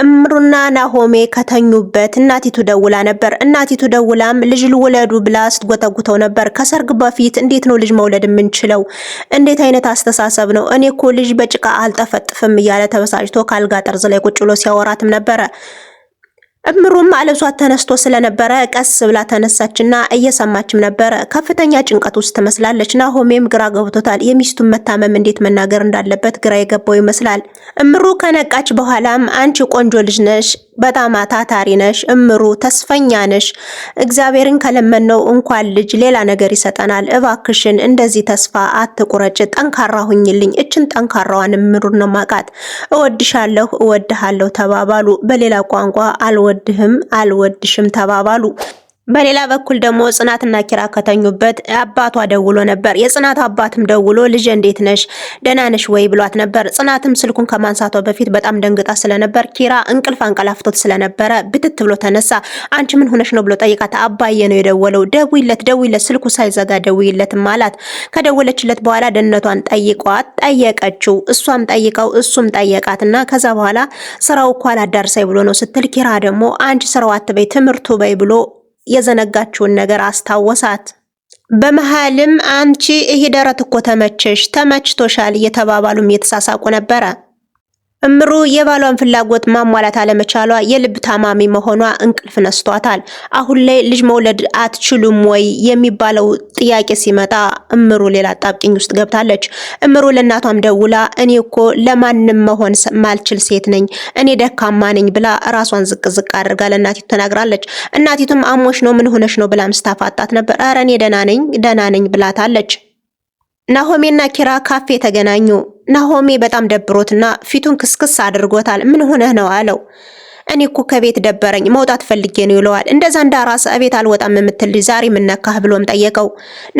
እምሩና ናሆሜ ከተኙበት እናቲቱ ደውላ ነበር። እናቲቱ ደውላም ልጅ ልውለዱ ብላ ስትጎተጉተው ነበር። ከሰርግ በፊት እንዴት ነው ልጅ መውለድ የምንችለው? እንዴት አይነት አስተሳሰብ ነው? እኔ እኮ ልጅ በጭቃ አልጠፈጥፍም እያለ ተበሳጭቶ ካልጋ ጠርዝ ላይ ቁጭ ብሎ ሲያወራትም ነበረ። እምሩም አለሷ ተነስቶ ስለነበረ ቀስ ብላ ተነሳችና እየሰማችም ነበረ። ከፍተኛ ጭንቀት ውስጥ ትመስላለች። ናሆሜም ግራ ገብቶታል። የሚስቱን መታመም እንዴት መናገር እንዳለበት ግራ የገባው ይመስላል። እምሩ ከነቃች በኋላም አንቺ ቆንጆ ልጅ ነሽ፣ በጣም አታታሪ ነሽ፣ እምሩ ተስፈኛ ነሽ። እግዚአብሔርን ከለመነው እንኳን ልጅ ሌላ ነገር ይሰጠናል። እባክሽን እንደዚህ ተስፋ አትቁረጭ፣ ጠንካራ ሁኝልኝ። እችን ጠንካራዋን እምሩ ነው ማቃት። እወድሻለሁ፣ እወድሃለሁ ተባባሉ። በሌላ ቋንቋ አልወ አልወድህም አልወድሽም ተባባሉ። በሌላ በኩል ደግሞ ጽናትና ኪራ ከተኙበት አባቷ ደውሎ ነበር። የጽናት አባትም ደውሎ ልጅ እንዴት ነሽ ደህና ነሽ ወይ ብሏት ነበር። ጽናትም ስልኩን ከማንሳቷ በፊት በጣም ደንግጣ ስለነበር ኪራ እንቅልፍ አንቀላፍቶት ስለነበረ ብትት ብሎ ተነሳ። አንቺ ምን ሆነሽ ነው ብሎ ጠይቃት፣ አባዬ ነው የደወለው፣ ደውይለት፣ ደውይለት፣ ስልኩ ሳይዘጋ ደውይለትም አላት። ከደወለችለት በኋላ ደህንነቷን ጠይቋት ጠየቀችው። እሷም ጠይቀው እሱም ጠየቃትና ከዛ በኋላ ስራው እኮ አላዳርሰኝ ብሎ ነው ስትል ኪራ ደግሞ አንቺ ስራው አትበይ ትምህርቱ በይ ብሎ የዘነጋችውን ነገር አስታወሳት። በመሃልም አንቺ ይሄ ደረት እኮ ተመቸሽ፣ ተመችቶሻል እየተባባሉም እየተሳሳቁ ነበረ። እምሩ የባሏን ፍላጎት ማሟላት አለመቻሏ የልብ ታማሚ መሆኗ እንቅልፍ ነስቷታል። አሁን ላይ ልጅ መውለድ አትችሉም ወይ የሚባለው ጥያቄ ሲመጣ እምሩ ሌላ አጣብቂኝ ውስጥ ገብታለች። እምሩ ለእናቷም ደውላ እኔ እኮ ለማንም መሆን ማልችል ሴት ነኝ፣ እኔ ደካማ ነኝ ብላ ራሷን ዝቅ ዝቅ አድርጋ ለእናቲቱ ተናግራለች። እናቲቱም አሞሽ ነው ምን ሆነሽ ነው ብላ ምስታፋጣት ነበር። ኧረ እኔ ደህና ነኝ ደህና ነኝ ብላታለች። ናሆሜና ኪራ ካፌ ተገናኙ። ናሆሜ በጣም ደብሮትና ፊቱን ክስክስ አድርጎታል። ምን ሆነህ ነው አለው። እኔ እኮ ከቤት ደበረኝ መውጣት ፈልጌ ነው ይለዋል። እንደዛ እንዳ ራስ እቤት አልወጣም የምትል ዛሬ ምነካህ ብሎም ጠየቀው።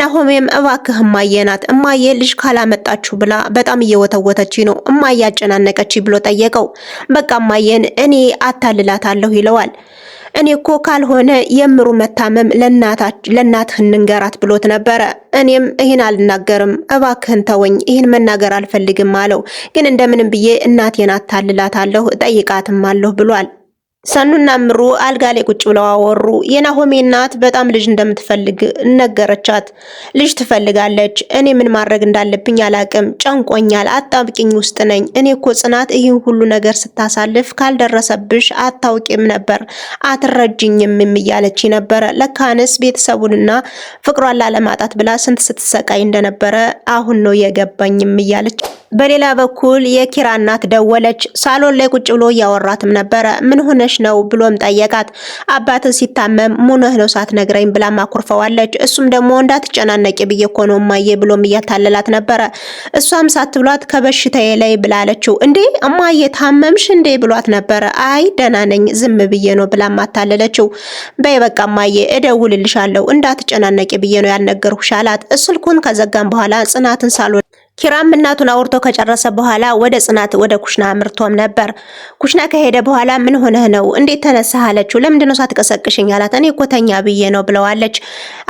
ናሆሜም እባክህ እማዬ ናት እማዬ ልጅ ካላመጣችሁ ብላ በጣም እየወተወተች ነው እማዬ አጨናነቀች ብሎ ጠየቀው። በቃ እማዬን እኔ አታልላታለሁ ይለዋል። እኔ እኮ ካልሆነ የምሩ መታመም ለእናትህ እንንገራት ብሎት ነበረ። እኔም ይህን አልናገርም እባክህን ተወኝ፣ ይህን መናገር አልፈልግም አለው። ግን እንደምንም ብዬ እናቴን አታልላታለሁ ጠይቃትም አለሁ ብሏል። ሰኑና እምሩ አልጋ ላይ ቁጭ ብለው አወሩ። የናሆሜ እናት በጣም ልጅ እንደምትፈልግ ነገረቻት። ልጅ ትፈልጋለች። እኔ ምን ማድረግ እንዳለብኝ አላቅም፣ ጨንቆኛል፣ አጣብቂኝ ውስጥ ነኝ። እኔ እኮ ጽናት ይህን ሁሉ ነገር ስታሳልፍ ካልደረሰብሽ አታውቂም ነበር፣ አትረጅኝም እያለች ነበረ። ለካንስ ቤተሰቡንና ፍቅሯን ላለማጣት ብላ ስንት ስትሰቃይ እንደነበረ አሁን ነው የገባኝም እያለች በሌላ በኩል የኪራ እናት ደወለች። ሳሎን ላይ ቁጭ ብሎ እያወራትም ነበረ። ምን ሆነሽ ነው ብሎም ጠየቃት። አባት ሲታመም ሙነህ ነው ሳትነግረኝ ብላ ማኩርፈዋለች። እሱም ደግሞ እንዳትጨናነቂ ብዬ እኮ ነው እማዬ ብሎም እያታለላት ነበረ። እሷም ሳትብሏት ከበሽታዬ ላይ ብላለችው። እንዴ እማዬ ታመምሽ እንዴ ብሏት ነበረ። አይ ደህና ነኝ ዝም ብዬ ነው ብላ ማታለለችው። በይ በቃ እማዬ እደውልልሻለሁ እንዳትጨናነቂ ብዬ ነው ያልነገርኩሽ አላት። ስልኩን ከዘጋም በኋላ ጽናትን ሳሎን ኪራም እናቱን አውርቶ ከጨረሰ በኋላ ወደ ጽናት ወደ ኩሽና አምርቶም ነበር። ኩሽና ከሄደ በኋላ ምን ሆነህ ነው? እንዴት ተነሳህ? አለችው። ለምንድን ነው ሳትቀሰቅሽኝ? አላት። እኔ እኮ ተኛ ብዬ ነው ብለዋለች።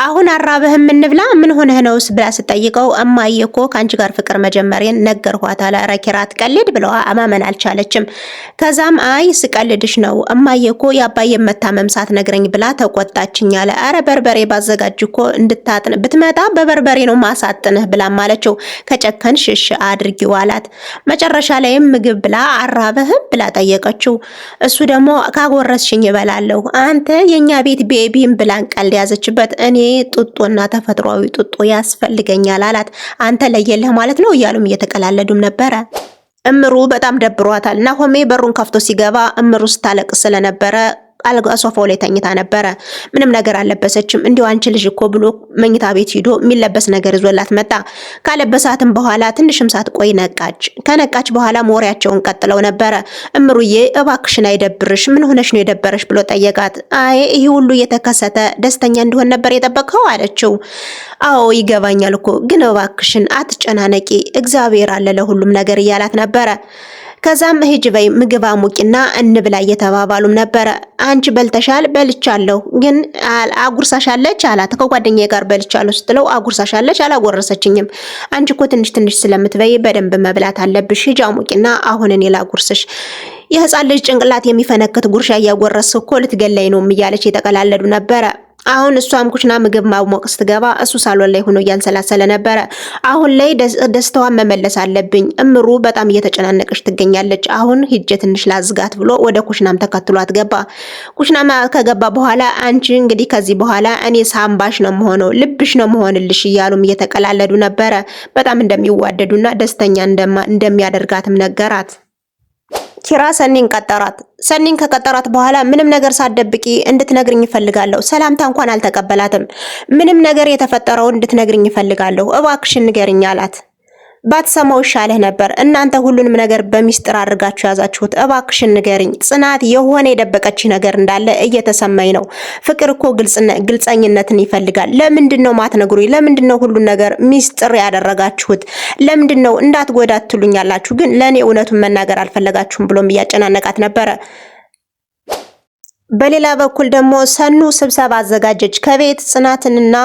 አሁን አራበህም እንብላ፣ ምን ሆነህ ነውስ? ብላ ስጠይቀው እማዬ እኮ ከአንቺ ጋር ፍቅር መጀመሬን ነገርኳት አለ። ኧረ ኪራ አትቀልድ ብለዋ አማመን አልቻለችም። ከዛም አይ ስቀልድሽ ነው እማዬ እኮ የአባዬ መታመም ሳትነግረኝ ብላ ተቆጣችኝ አለ። ኧረ በርበሬ ባዘጋጅ እኮ እንድታጥን ብትመጣ በበርበሬ ነው ማሳጥንህ ብላም አለችው። ሰከን ሽሽ አድርጊው አላት። መጨረሻ ላይም ምግብ ብላ አራበህም ብላ ጠየቀችው። እሱ ደግሞ ካጎረስሽኝ እበላለሁ፣ አንተ የኛ ቤት ቤቢም ብላን ቀልድ ያዘችበት። እኔ ጡጦና ተፈጥሯዊ ጡጦ ያስፈልገኛል አላት። አንተ ለየለህ ማለት ነው እያሉም እየተቀላለዱም ነበረ። እምሩ በጣም ደብሯታል። ናሆሜ በሩን ከፍቶ ሲገባ እምሩ ስታለቅስ ስለነበረ ሶፋው ላይ ተኝታ ነበረ። ምንም ነገር አልለበሰችም። እንዲሁ አንቺ ልጅ እኮ ብሎ መኝታ ቤት ሂዶ የሚለበስ ነገር ይዞላት መጣ። ካለበሳትም በኋላ ትንሽም ሳትቆይ ነቃች። ከነቃች በኋላ ወሬያቸውን ቀጥለው ነበረ። እምሩዬ እባክሽን አይደብርሽ፣ ምን ሆነሽ ነው የደበረሽ ብሎ ጠየቃት። አይ ይሄ ሁሉ እየተከሰተ ደስተኛ እንደሆን ነበር የጠበቅኸው አለችው። አዎ ይገባኛል እኮ ግን እባክሽን አትጨናነቂ፣ እግዚአብሔር አለ ለሁሉም ነገር እያላት ነበረ። ከዛም ሂጅ በይ ምግብ አሙቂና እንብላ እየተባባሉም ነበረ። አንቺ በልተሻል? በልቻለሁ፣ ግን አጉርሳሻለች አላት። ከጓደኛዬ ጋር በልቻለሁ ስትለው አጉርሳሻለች? አላጎረሰችኝም። አንቺ እኮ ትንሽ ትንሽ ስለምትበይ በደንብ መብላት አለብሽ። ሂጅ አሙቂና አሁን እኔ ላጉርስሽ የህፃን ልጅ ጭንቅላት የሚፈነክት ጉርሻ እያጎረስኩ እኮ ልትገለኝ ነው እያለች የተቀላለዱ ነበረ። አሁን እሷም ኩሽና ምግብ ማሞቅ ስትገባ እሱ ሳሎን ላይ ሆኖ እያንሰላሰለ ነበረ። አሁን ላይ ደስታዋን መመለስ አለብኝ። እምሩ በጣም እየተጨናነቀች ትገኛለች። አሁን ሂጄ ትንሽ ላዝጋት ብሎ ወደ ኩሽናም ተከትሏት ገባ። ኩሽናም ከገባ በኋላ አንቺ እንግዲህ ከዚህ በኋላ እኔ ሳምባሽ ነው መሆነው፣ ልብሽ ነው መሆንልሽ እያሉም እየተቀላለዱ ነበረ። በጣም እንደሚዋደዱና ደስተኛ እንደሚያደርጋትም ነገራት። ኪራ ሰኒን ቀጠራት። ሰኒን ከቀጠራት በኋላ ምንም ነገር ሳትደብቂ እንድትነግርኝ ይፈልጋለሁ። ሰላምታ እንኳን አልተቀበላትም። ምንም ነገር የተፈጠረውን እንድትነግርኝ ይፈልጋለሁ። እባክሽን ንገሪኝ አላት። ባትሰማው ይሻለህ ነበር። እናንተ ሁሉንም ነገር በሚስጥር አድርጋችሁ ያዛችሁት። እባክሽን ንገሪኝ። ጽናት የሆነ የደበቀች ነገር እንዳለ እየተሰማኝ ነው። ፍቅር እኮ ግልጸኝነትን ይፈልጋል። ለምንድን ነው ማትነግሩኝ? ለምንድን ነው ሁሉን ነገር ሚስጥር ያደረጋችሁት? ለምንድን ነው እንዳትጎዳት ትሉኛላችሁ? ግን ለእኔ እውነቱን መናገር አልፈለጋችሁም ብሎም እያጨናነቃት ነበረ። በሌላ በኩል ደግሞ ሰኑ ስብሰባ አዘጋጀች። ከቤት ጽናትንና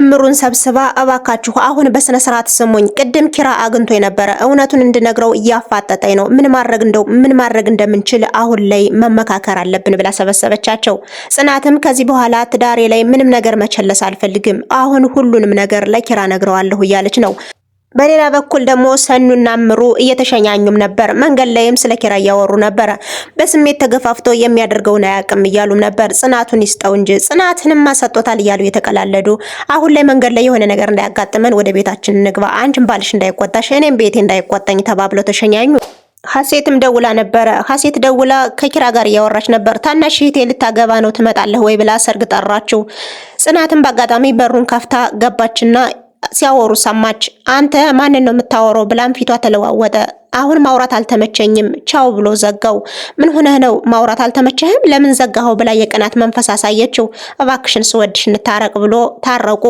እምሩን ሰብስባ እባካችሁ አሁን በስነ ስርዓት ስሙኝ፣ ቅድም ኪራ አግኝቶ የነበረ እውነቱን እንድነግረው እያፋጠጠኝ ነው። ምን ማድረግ እንደው ምን ማድረግ እንደምንችል አሁን ላይ መመካከር አለብን ብላ ሰበሰበቻቸው። ጽናትም ከዚህ በኋላ ትዳሬ ላይ ምንም ነገር መቸለስ አልፈልግም፣ አሁን ሁሉንም ነገር ለኪራ ነግረዋለሁ እያለች ነው። በሌላ በኩል ደግሞ ሰኑና ምሩ እየተሸኛኙም ነበር። መንገድ ላይም ስለ ኪራ እያወሩ ነበር። በስሜት ተገፋፍቶ የሚያደርገውን አያውቅም እያሉም ነበር። ጽናቱን ይስጠው እንጂ ጽናትንም ሰጥቶታል እያሉ የተቀላለዱ አሁን ላይ መንገድ ላይ የሆነ ነገር እንዳያጋጥመን ወደ ቤታችን እንግባ፣ አንቺም ባልሽ እንዳይቆጣሽ፣ እኔም ቤቴ እንዳይቆጣኝ ተባብለው ተሸኛኙ። ሀሴትም ደውላ ነበረ። ሀሴት ደውላ ከኪራ ጋር እያወራች ነበር። ታናሽ እህቴ ልታገባ ነው ትመጣለህ ወይ ብላ ሰርግ ጠራችው። ጽናትም በአጋጣሚ በሩን ከፍታ ገባችና ሲያወሩ ሰማች። አንተ ማንን ነው የምታወራው? ብላም ፊቷ ተለዋወጠ። አሁን ማውራት አልተመቸኝም ቻው ብሎ ዘጋው። ምን ሆነህ ነው ማውራት አልተመቸህም? ለምን ዘጋኸው? ብላ የቅናት መንፈስ አሳየችው። እባክሽን ስወድሽ እንታረቅ ብሎ ታረቁ።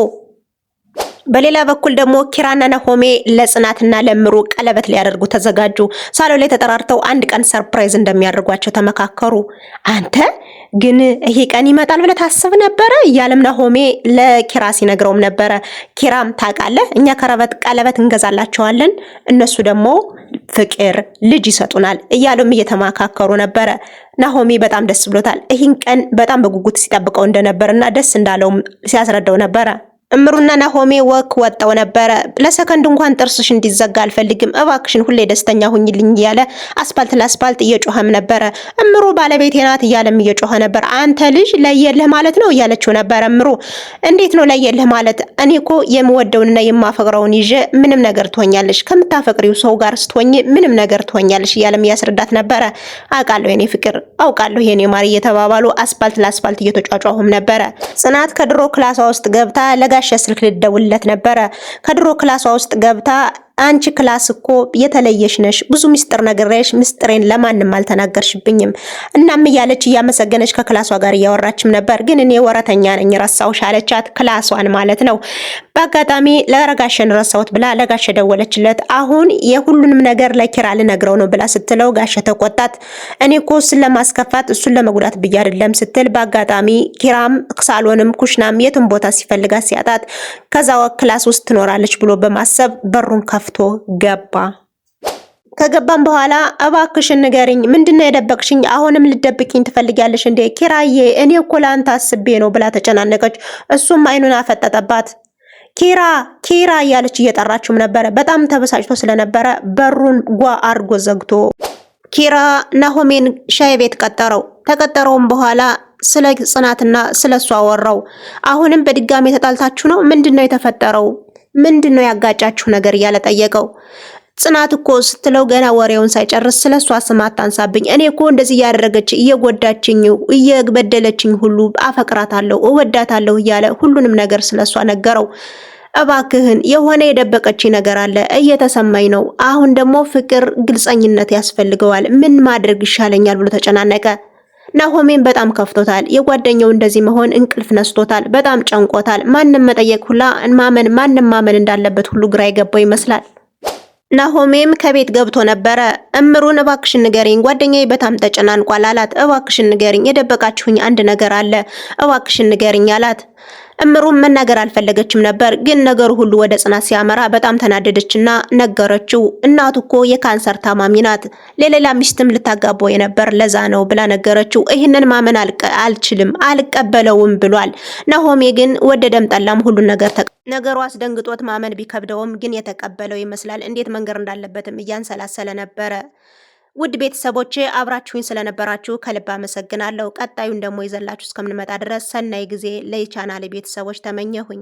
በሌላ በኩል ደግሞ ኪራና ነሆሜ ለጽናትና ለምሩ ቀለበት ሊያደርጉ ተዘጋጁ። ሳሎን ላይ ተጠራርተው አንድ ቀን ሰርፕራይዝ እንደሚያደርጓቸው ተመካከሩ። አንተ ግን ይሄ ቀን ይመጣል ብለህ ታስብ ነበረ እያለም ነሆሜ ለኪራ ሲነግረውም ነበረ። ኪራም ታውቃለህ፣ እኛ ከረበት ቀለበት እንገዛላቸዋለን፣ እነሱ ደግሞ ፍቅር ልጅ ይሰጡናል እያሉም እየተመካከሩ ነበረ። ናሆሚ በጣም ደስ ብሎታል። ይህን ቀን በጣም በጉጉት ሲጠብቀው እንደነበርና ደስ እንዳለውም ሲያስረዳው ነበረ። እምሩና ናሆሜ ወክ ወጣው ነበረ። ለሰከንድ እንኳን ጥርስሽ እንዲዘጋ አልፈልግም፣ እባክሽን ሁሌ ደስተኛ ሁኝልኝ እያለ አስፓልት ለአስፓልት እየጮኸም ነበረ። እምሩ ባለቤቴ ናት እያለም እየጮኸ ነበር። አንተ ልጅ ለየልህ ማለት ነው እያለችው ነበረ። እምሩ እንዴት ነው ለየልህ ማለት? እኔ እኮ የምወደውንና የማፈቅረውን ይዤ ምንም ነገር ትሆኛለሽ፣ ከምታፈቅሪው ሰው ጋር ስትሆኝ ምንም ነገር ትሆኛለሽ እያለም እያስረዳት ነበረ። አውቃለሁ የኔ ፍቅር፣ አውቃለሁ የኔ ማር እየተባባሉ አስፓልት ለአስፓልት እየተጫጫሁም ነበረ። ጽናት ከድሮ ክላሷ ውስጥ ገብታ ጋሼ ስልክ ልደውልለት ነበረ። ከድሮ ክላሷ ውስጥ ገብታ አንቺ ክላስ እኮ የተለየሽ ነሽ፣ ብዙ ምስጢር ነግሬሽ ምስጢሬን ለማንም አልተናገርሽብኝም። እናም እያለች እያመሰገነች ከክላሷ ጋር እያወራችም ነበር። ግን እኔ ወረተኛ ነኝ ረሳሁሽ አለቻት። ክላሷን ማለት ነው። በአጋጣሚ ለረጋሸን ረሳሁት ብላ ለጋሸ ደወለችለት። አሁን የሁሉንም ነገር ለኪራ ልነግረው ነው ብላ ስትለው ጋሸ ተቆጣት። እኔ እኮ እሱን ለማስከፋት እሱን ለመጉዳት ብዬ አይደለም ስትል በአጋጣሚ ኪራም ሳሎንም ኩሽናም የትም ቦታ ሲፈልጋት ሲያጣት ከዛ ክላስ ውስጥ ትኖራለች ብሎ በማሰብ በሩን ከፍ ገፍቶ ገባ። ከገባም በኋላ እባክሽን ንገሪኝ፣ ምንድነው የደበቅሽኝ? አሁንም ልደብቅኝ ትፈልጊያለሽ እንዴ? ኪራዬ፣ እኔ እኮ ለአንተ አስቤ ነው ብላ ተጨናነቀች። እሱም አይኑን አፈጠጠባት። ኪራ ኪራ እያለች እየጠራችውም ነበረ። በጣም ተበሳጭቶ ስለነበረ በሩን ጓ አርጎ ዘግቶ ኪራ ናሆሜን ሻይ ቤት ቀጠረው። ከቀጠረውም በኋላ ስለ ጽናትና ስለ እሷ አወራው። አሁንም በድጋሚ ተጣልታችሁ ነው? ምንድን ነው የተፈጠረው? ምንድን ነው ያጋጫችሁ ነገር እያለ ጠየቀው። ጽናት እኮ ስትለው ገና ወሬውን ሳይጨርስ ስለ እሷ ስም አታንሳብኝ፣ እኔ እኮ እንደዚህ እያደረገች እየጎዳችኝ፣ እየበደለችኝ ሁሉ አፈቅራታለሁ፣ እወዳታለሁ እያለ ሁሉንም ነገር ስለ እሷ ነገረው። እባክህን የሆነ የደበቀች ነገር አለ እየተሰማኝ ነው። አሁን ደግሞ ፍቅር ግልጸኝነት ያስፈልገዋል። ምን ማድረግ ይሻለኛል ብሎ ተጨናነቀ። ናሆሜን በጣም ከፍቶታል። የጓደኛው እንደዚህ መሆን እንቅልፍ ነስቶታል። በጣም ጨንቆታል። ማንም መጠየቅ ሁላ ማመን ማንም ማመን እንዳለበት ሁሉ ግራ የገባው ይመስላል። ናሆሜም ከቤት ገብቶ ነበረ። እምሩን እባክሽን ንገሪኝ፣ ጓደኛዬ በጣም ተጨናንቋል አላት። እባክሽን ንገሪኝ፣ የደበቃችሁኝ አንድ ነገር አለ፣ እባክሽን ንገሪኝ አላት። እምሩም መናገር አልፈለገችም ነበር፣ ግን ነገሩ ሁሉ ወደ ጽናት ሲያመራ በጣም ተናደደችና ነገረችው። እናቱ እኮ የካንሰር ታማሚ ናት፣ ለሌላ ሚስትም ልታጋባው የነበር ለዛ ነው ብላ ነገረችው። ይህንን ማመን አልችልም፣ አልቀበለውም ብሏል። ናሆሜ ግን ወደደም ጠላም ሁሉን ነገር ነገሩ አስደንግጦት ማመን ቢከብደውም ግን የተቀበለው ይመስላል። እንዴት መንገር እንዳለበትም እያንሰላሰለ ነበረ። ውድ ቤተሰቦች አብራችሁኝ ስለነበራችሁ ከልብ አመሰግናለሁ። ቀጣዩን ደግሞ ይዘላችሁ እስከምንመጣ ድረስ ሰናይ ጊዜ ለቻናሌ ቤተሰቦች ተመኘሁኝ።